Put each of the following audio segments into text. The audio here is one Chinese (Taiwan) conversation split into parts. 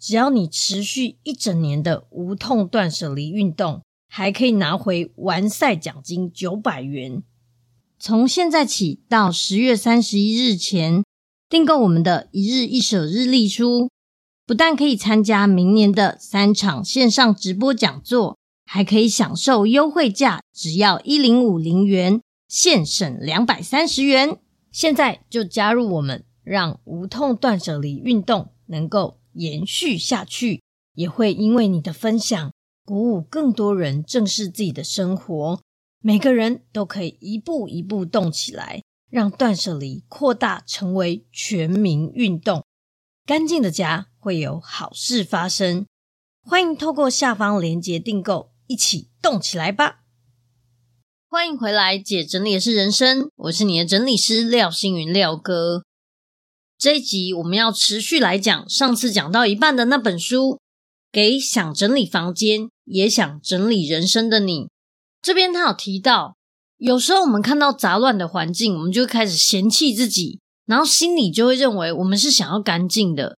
只要你持續一整年的無痛斷捨離運動，還可以拿回完賽獎金九百元。從現在起到十月三十一日前訂購我們的“一日一捨”日曆書，不但可以參加明年的三場線上直播講座，還可以享受優惠價，只要一零五零元，現省兩百三十元。現在就加入我們，讓無痛斷捨離運動能夠。延續下去，也會因為你的分享，鼓舞更多人正視自己的生活。每個人都可以一步一步動起來，讓斷捨離擴大成為全民運動。乾淨的家會有好事發生。歡迎透過下方鏈接訂購，一起動起來吧！歡迎回來，姐整理的是人生，我是你的整理師廖心筠，廖哥。這一集我們要持續來講上次講到一半的那本書，給想整理房間也想整理人生的你。這邊他有提到，有時候我們看到雜亂的環境，我們就會開始嫌棄自己，然後心裡就會認為我們是想要乾淨的。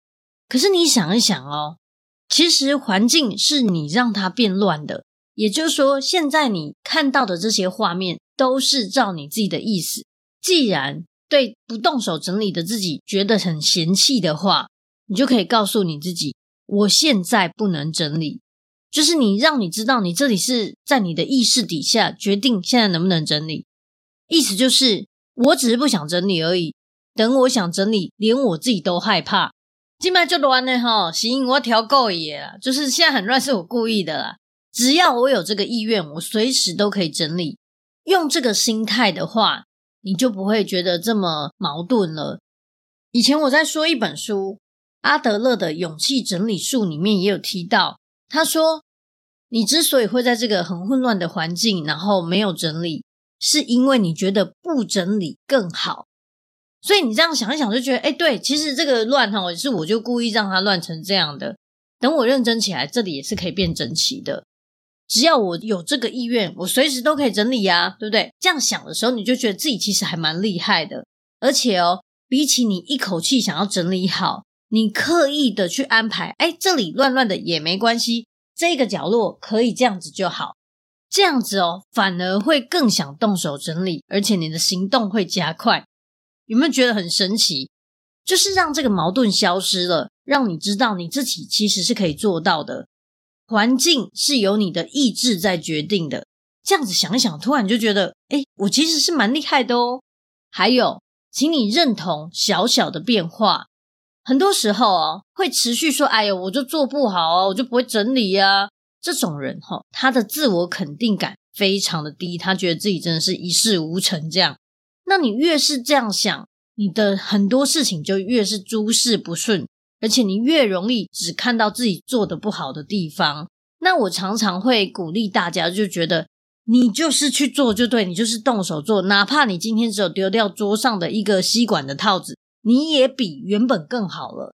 可是你想一想哦，其實環境是你讓它變亂的，也就是說，現在你看到的這些畫面都是照你自己的意思。既然對不動手整理的自己覺得很嫌棄的話，你就可以告訴你自己：我現在不能整理，就是你讓你知道你這裡是在你的意識底下決定現在能不能整理。意思就是，我只是不想整理而已。等我想整理，連我自己都害怕。進來就亂了哈，行，我調夠也了，就是現在很亂，是我故意的啦。只要我有這個意願，我隨時都可以整理。用這個心態的話。你就不會覺得這麼矛盾了。以前我在說一本書《阿德勒的勇氣整理術》裡面也有提到，他說：“你之所以會在這個很混亂的環境，然後沒有整理，是因為你覺得不整理更好。所以你這樣想一想，就覺得，哎，對，其實這個亂哈，是我就故意讓它亂成這樣的。等我認真起來，這裡也是可以變整齊的。”只要我有這個意願，我隨時都可以整理呀，對不對？這樣想的時候，你就覺得自己其實還蠻厲害的。而且哦，比起你一口氣想要整理好，你刻意的去安排，哎，這裡亂亂的也沒關係，這個角落可以這樣子就好。這樣子哦，反而會更想動手整理，而且你的行動會加快。有沒有覺得很神奇？就是讓這個矛盾消失了，讓你知道你自己其實是可以做到的。環境是由你的意志在決定的，這樣子想一想，突然就覺得，欸，我其實是蠻厲害的哦。還有，請你認同小小的變化。很多時候哦，會持續說，哎喲，我就做不好哦，我就不會整理啊。這種人哦，他的自我肯定感非常的低，他覺得自己真的是一事無成這樣。那你越是這樣想，你的很多事情就越是諸事不順。而且你越容易只看到自己做的不好的地方，那我常常會鼓勵大家，就覺得你就是去做就對，你就是動手做，哪怕你今天只有丟掉桌上的一個吸管的套子，你也比原本更好了。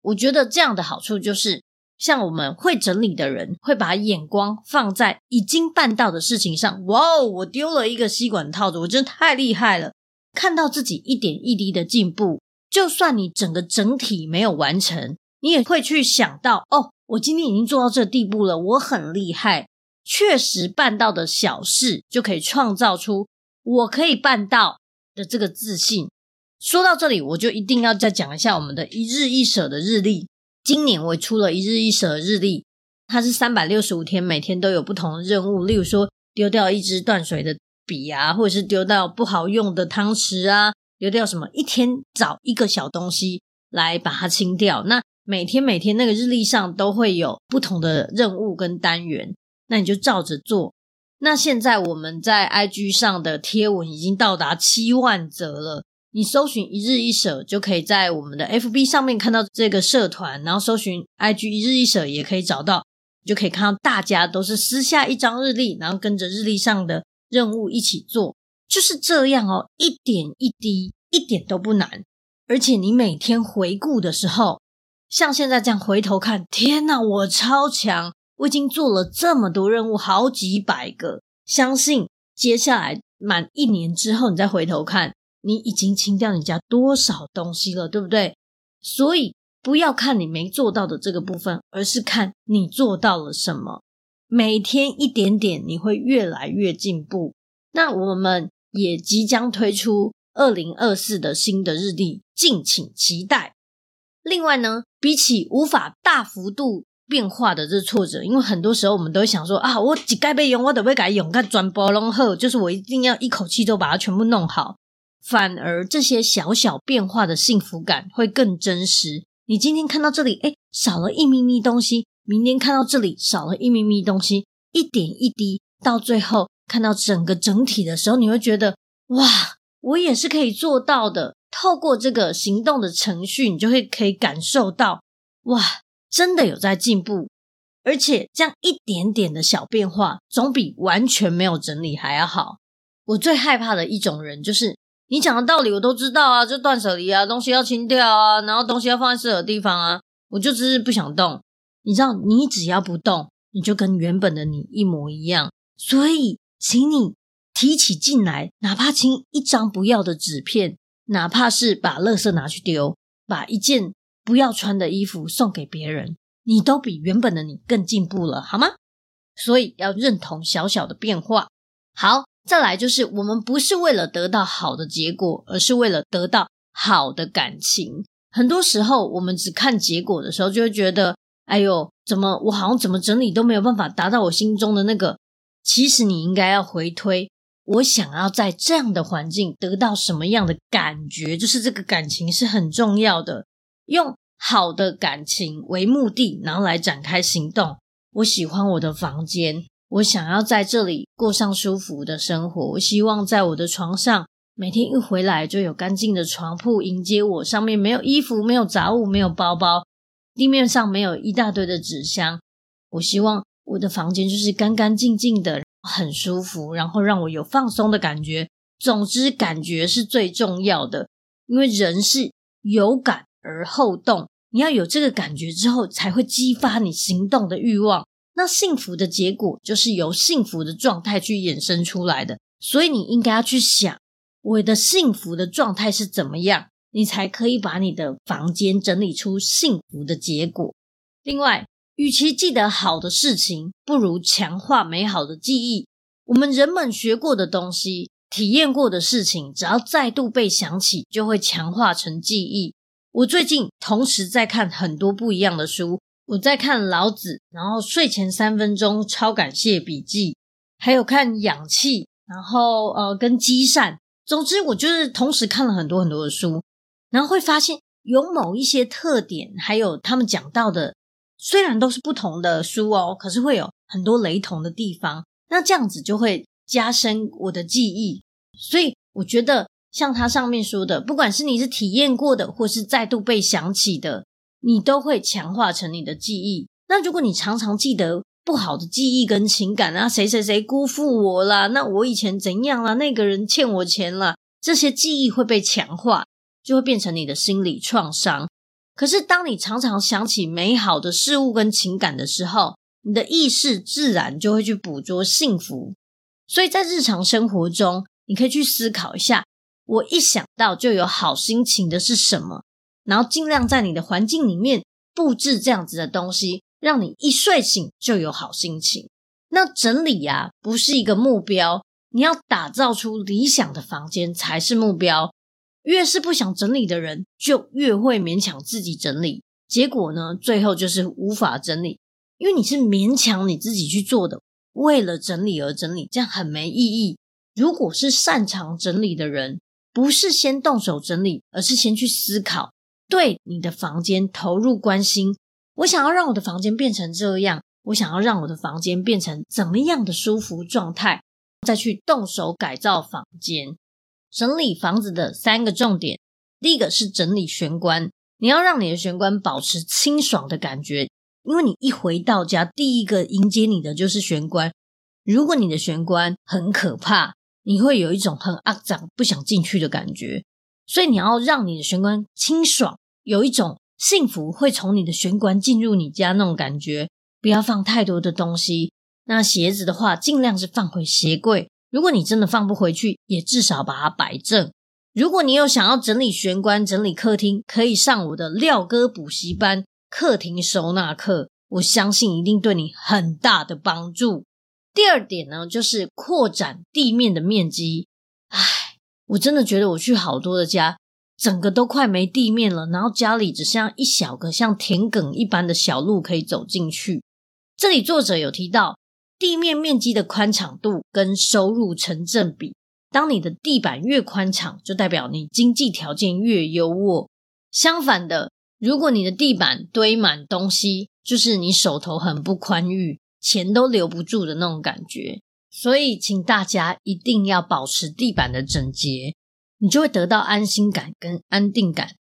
我覺得這樣的好處就是，像我們會整理的人，會把眼光放在已經辦到的事情上。哇哦，我丟了一個吸管套子，我真的太厲害了！看到自己一點一滴的進步。就算你整個整體沒有完成，你也會去想到哦，我今天已經做到這個地步了，我很厲害，確實辦到的小事就可以創造出我可以辦到的這個自信。說到這裡，我就一定要再講一下我們的“一日一舍”的日曆。今年我出了一日一舍的日曆，它是三百六十五天，每天都有不同的任務，例如說丟掉一支斷水的筆啊，或者是丟掉不好用的湯匙啊。丟掉什麼？一天找一個小東西來把它清掉。那每天每天那個日曆上都會有不同的任務跟單元，那你就照着做。那現在我們在 IG 上的貼文已經到達七萬則了。你搜尋一日一舍，就可以在我們的 FB 上面看到這個社團，然後搜尋 IG 一日一舍也可以找到，你就可以看到大家都是撕下一張日曆，然後跟着日曆上的任務一起做。就是這樣哦，一點一滴，一點都不難。而且你每天回顧的時候，像現在這樣回頭看，天哪，我超強！我已經做了這麼多任務，好幾百個。相信接下來滿一年之後，你再回頭看，你已經清掉你家多少東西了，對不對？所以不要看你沒做到的這個部分，而是看你做到了什麼。每天一點點，你會越來越進步。那我們。也即將推出二零二四的新的日曆，敬請期待。另外呢，比起無法大幅度變化的這挫折，因為很多時候我們都會想說啊，我幾蓋被用，我都不改用，看轉包龍後，就是我一定要一口氣都把它全部弄好。反而這些小小變化的幸福感會更真實。你今天看到這裡，誒，少了一咪咪東西；明天看到這裡，少了一咪咪東西，一點一滴，到最後。看到整個整體的時候，你會覺得哇，我也是可以做到的。透過這個行動的程序，你就會可以感受到哇，真的有在進步。而且這樣一點點的小變化，總比完全沒有整理還要好。我最害怕的一種人，就是你講的道理我都知道啊，就斷捨離啊，東西要清掉啊，然後東西要放在適合的地方啊，我就只是不想動。你知道，你只要不動，你就跟原本的你一模一樣。所以。請你提起勁來，哪怕清一張不要的紙片，哪怕是把垃圾拿去丟，把一件不要穿的衣服送給別人，你都比原本的你更進步了，好嗎？所以要認同小小的變化。好，再來就是，我們不是為了得到好的結果，而是為了得到好的感情。很多時候，我們只看結果的時候，就會覺得，哎呦，怎麼我好像怎麼整理都沒有辦法達到我心中的那個。其實你應該要回推，我想要在這樣的環境得到什麼樣的感覺？就是這個感情是很重要的，用好的感情為目的，然後來展開行動。我喜歡我的房間，我想要在這裡過上舒服的生活。我希望在我的床上，每天一回來就有乾淨的床鋪迎接我，上面沒有衣服，沒有雜物，沒有包包，地面上沒有一大堆的紙箱。我希望。我的房間就是乾乾淨淨的，很舒服，然後讓我有放鬆的感覺。總之，感覺是最重要的，因為人是有感而後動，你要有這個感覺之後，才會激發你行動的欲望。那幸福的結果就是由幸福的狀態去衍生出來的，所以你應該要去想，我的幸福的狀態是怎麼樣，你才可以把你的房間整理出幸福的結果。另外。與其記得好的事情，不如強化美好的記憶。我們人們學過的東西、體驗過的事情，只要再度被想起，就會強化成記憶。我最近同時在看很多不一樣的書，我在看《老子》，然後睡前三分鐘超感謝筆記，還有看《氧氣》，然後呃跟積善。總之，我就是同時看了很多很多的書，然後會發現有某一些特點，還有他們講到的。雖然都是不同的書哦，可是會有很多雷同的地方。那這樣子就會加深我的記憶，所以我覺得像他上面說的，不管是你是體驗過的，或是再度被想起的，你都會強化成你的記憶。那如果你常常記得不好的記憶跟情感啊，誰誰誰辜負我啦，那我以前怎樣啦，那個人欠我錢啦，這些記憶會被強化，就會變成你的心理創傷。可是，當你常常想起美好的事物跟情感的時候，你的意識自然就會去捕捉幸福。所以，在日常生活中，你可以去思考一下，我一想到就有好心情的是什麼，然後盡量在你的環境裡面布置這樣子的東西，讓你一睡醒就有好心情。那整理呀，不是一個目標，你要打造出理想的房間才是目標。越是不想整理的人，就越會勉強自己整理，結果呢，最後就是無法整理，因為你是勉強你自己去做的，為了整理而整理，這樣很沒意義。如果是擅長整理的人，不是先動手整理，而是先去思考，對你的房間投入關心。我想要讓我的房間變成這樣，我想要讓我的房間變成怎麼樣的舒服狀態，再去動手改造房間。整理房子的三個重點，第一個是整理玄關，你要讓你的玄關保持清爽的感覺，因為你一回到家，第一個迎接你的就是玄關。如果你的玄關很可怕，你會有一種很骯髒、不想進去的感覺。所以你要讓你的玄關清爽，有一種幸福會從你的玄關進入你家那種感覺。不要放太多的東西，那鞋子的話，盡量是放回鞋櫃。如果你真的放不回去，也至少把它擺正。如果你有想要整理玄關、整理客廳，可以上我的廖哥補習班客廳收納課，我相信一定對你很大的幫助。第二點呢，就是擴展地面的面積。唉，我真的覺得我去好多的家，整個都快沒地面了，然後家裡只剩下一小個像田埂一般的小路可以走進去。這裡作者有提到。地面面積的寬敞度跟收入成正比。當你的地板越寬敞，就代表你經濟條件越優渥。相反的，如果你的地板堆滿東西，就是你手頭很不寬裕，錢都留不住的那種感覺。所以，請大家一定要保持地板的整潔，你就會得到安心感跟安定感。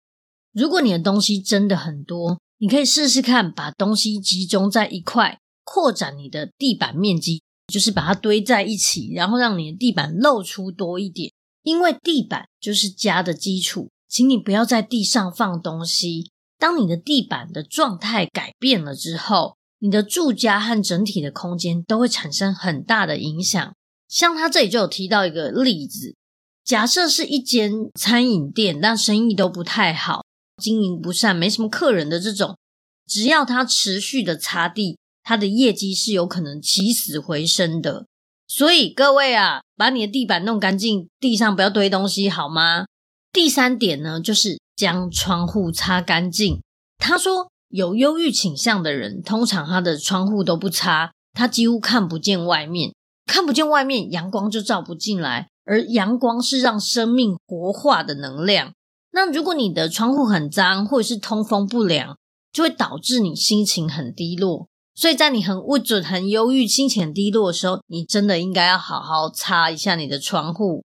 如果你的東西真的很多，你可以試試看把東西集中在一塊。擴展你的地板面積，就是把它堆在一起，然後讓你的地板露出多一點。因為地板就是家的基礎，請你不要在地上放東西。當你的地板的狀態改變了之後，你的住家和整體的空間都會產生很大的影響。像他這裡就有提到一個例子，假設是一間餐飲店，但生意都不太好，經營不善，沒什麼客人的這種，只要他持續的擦地。它的業績是有可能起死回生的，所以各位啊，把你的地板弄乾淨，地上不要堆東西，好嗎？第三點呢，就是將窗戶擦乾淨。他說，有憂鬱傾向的人，通常他的窗戶都不擦，他幾乎看不見外面，看不見外面，陽光就照不進來，而陽光是讓生命活化的能量。那如果你的窗戶很髒，或者是通風不良，就會導致你心情很低落。所以在你很不準、很憂鬱、心情低落的時候，你真的應該要好好擦一下你的窗戶。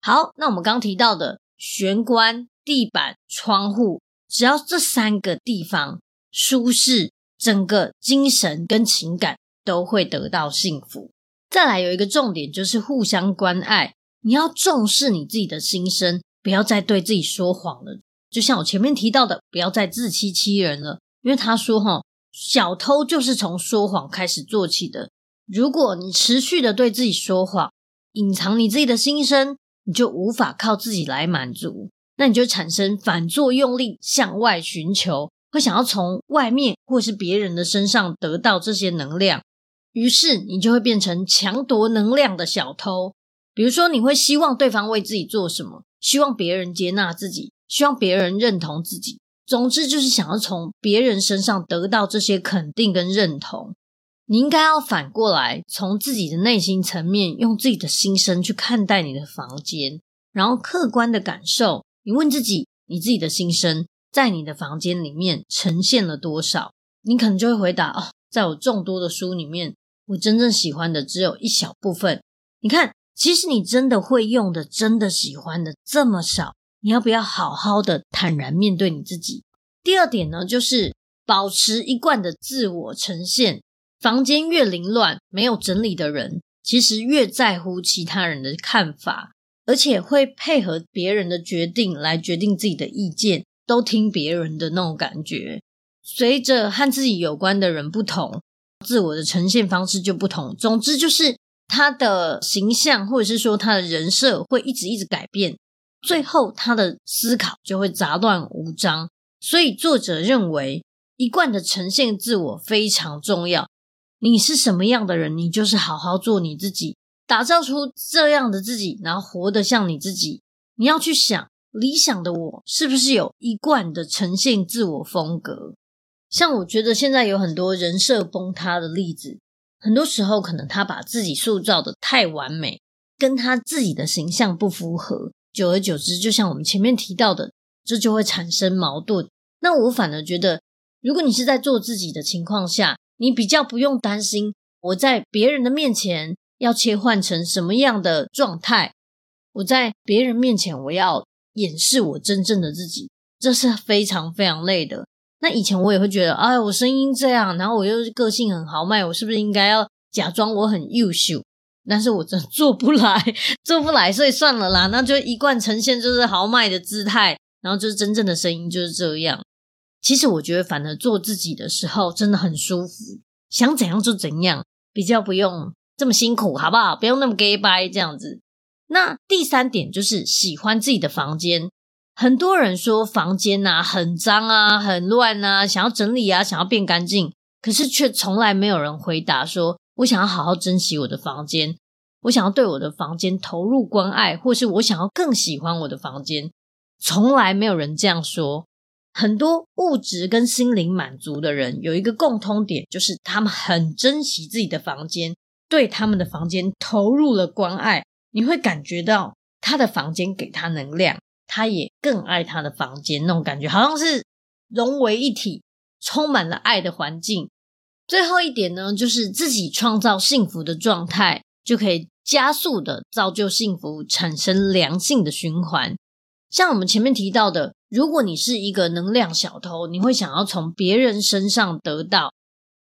好，那我們剛提到的玄關、地板、窗戶，只要這三個地方舒適，整個精神跟情感都會得到幸福。再來，有一個重點就是，互相關愛，你要重視你自己的心聲，不要再對自己說謊了。就像我前面提到的，不要再自欺欺人了，因為他說吼。小偷就是從說謊開始做起的。如果你持續的對自己說謊，隱藏你自己的心聲，你就無法靠自己來滿足，那你就產生反作用力，向外尋求，會想要從外面或是別人的身上得到這些能量。於是你就會變成強奪能量的小偷。比如說，你會希望對方為自己做什麼，希望別人接納自己，希望別人認同自己。總之，就是想要從別人身上得到這些肯定跟認同。你應該要反過來，從自己的內心層面，用自己的心聲去看待你的房間，然後客觀的感受。你問自己，你自己的心聲在你的房間裡面呈現了多少？你可能就會回答：哦，在我眾多的書裡面，我真正喜歡的只有一小部分。你看，其實你真的會用的，真的喜歡的這麼少。你要不要好好的坦然面對你自己？第二點呢，就是保持一貫的自我呈現。房間越凌亂、沒有整理的人，其實越在乎其他人的看法，而且會配合別人的決定來決定自己的意見，都聽別人的那種感覺。隨着和自己有關的人不同，自我的呈現方式就不同。總之，就是他的形象，或者是說他的人設，會一直一直改變。最後，他的思考就會雜亂無章。所以，作者認為一貫的呈現自我非常重要。你是什麼樣的人，你就是好好做你自己，打造出這樣的自己，然後活得像你自己。你要去想，理想的我是不是有一貫的呈現自我風格？像我覺得現在有很多人設崩塌的例子，很多時候可能他把自己塑造的太完美，跟他自己的形象不符合。久而久之，就像我們前面提到的，這就會產生矛盾。那我反而覺得，如果你是在做自己的情況下，你比較不用擔心我在別人的面前要切換成什麼樣的狀態。我在別人面前，我要掩飾我真正的自己，這是非常非常累的。那以前我也會覺得，哎，我聲音這樣，然後我又個性很豪邁，我是不是應該要假裝我很優秀？但是我真做不來，做不來，所以算了啦。那就一貫呈現就是豪邁的姿態，然後就是真正的聲音就是這樣。其實我覺得，反而做自己的時候真的很舒服，想怎樣就怎樣，比較不用這麼辛苦，好不好？不用那麼假掰這樣子。那第三點就是喜歡自己的房間。很多人說房間吶、啊、很髒啊，很亂啊，想要整理啊，想要變乾淨，可是卻從來沒有人回答說，我想要好好珍惜我的房間，我想要對我的房間投入關愛，或是我想要更喜歡我的房間。從來沒有人這樣說。很多物質跟心靈滿足的人有一個共通點，就是他們很珍惜自己的房間，對他們的房間投入了關愛。你會感覺到他的房間給他能量，他也更愛他的房間，那種感覺好像是融為一體，充滿了愛的環境。最後一點呢，就是自己創造幸福的狀態，就可以加速的造就幸福，產生良性的循環。像我們前面提到的，如果你是一個能量小偷，你會想要從別人身上得到。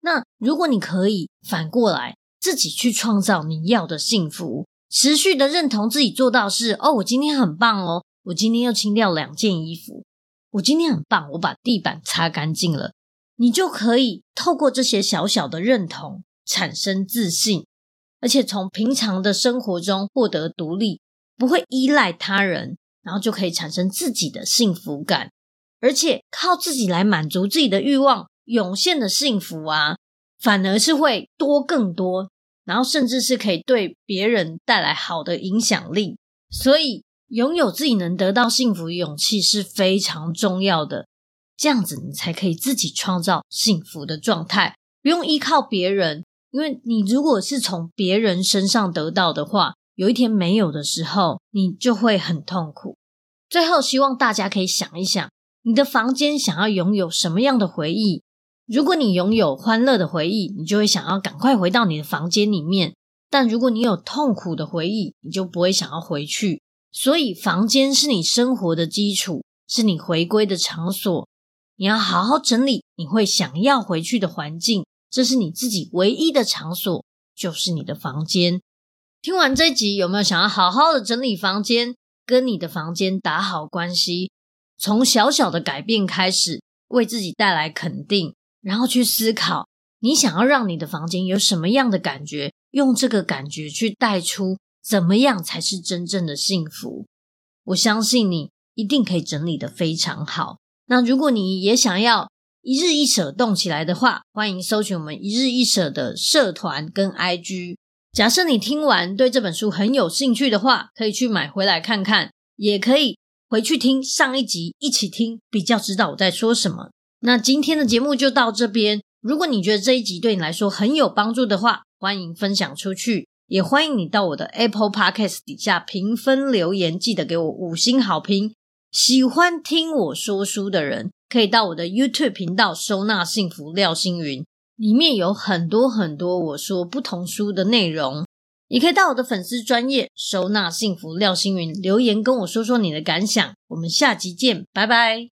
那如果你可以反過來，自己去創造你要的幸福，持續的認同自己做到的事，哦，我今天很棒哦，我今天又清掉兩件衣服，我今天很棒，我把地板擦乾淨了。你就可以透過這些小小的認同產生自信，而且從平常的生活中獲得獨立，不會依賴他人，然後就可以產生自己的幸福感，而且靠自己來滿足自己的慾望，湧現的幸福啊，反而是會多更多，然後甚至是可以對別人帶來好的影響力。所以，擁有自己能得到幸福的勇氣是非常重要的。這樣子，你才可以自己創造幸福的狀態，不用依靠別人。因為你如果是從別人身上得到的話，有一天沒有的時候，你就會很痛苦。最後，希望大家可以想一想，你的房間想要擁有什麼樣的回憶？如果你擁有歡樂的回憶，你就會想要趕快回到你的房間裡面；但如果你有痛苦的回憶，你就不會想要回去。所以，房間是你生活的基礎，是你回歸的場所。你要好好整理，你會想要回去的環境，這是你自己唯一的場所，就是你的房間。聽完這集，有沒有想要好好的整理房間，跟你的房間打好關係？從小小的改變開始，為自己帶來肯定，然後去思考你想要讓你的房間有什麼樣的感覺，用這個感覺去帶出怎麼樣才是真正的幸福。我相信你一定可以整理得非常好。那如果你也想要一日一舍動起來的話，歡迎搜尋我們一日一舍的社團跟 IG。假設你聽完對這本書很有興趣的話，可以去買回來看看，也可以回去聽上一集一起聽，比較知道我在說什麼。那今天的節目就到這邊。如果你覺得這一集對你來說很有幫助的話，歡迎分享出去，也歡迎你到我的 Apple Podcast 底下評分留言，記得給我五星好評。喜歡聽我說書的人，可以到我的 YouTube 頻道收納幸福廖心筠，裡面有很多很多我說不同書的內容。也可以到我的粉絲專頁收納幸福廖心筠留言跟我說說你的感想。我們下集見，拜拜。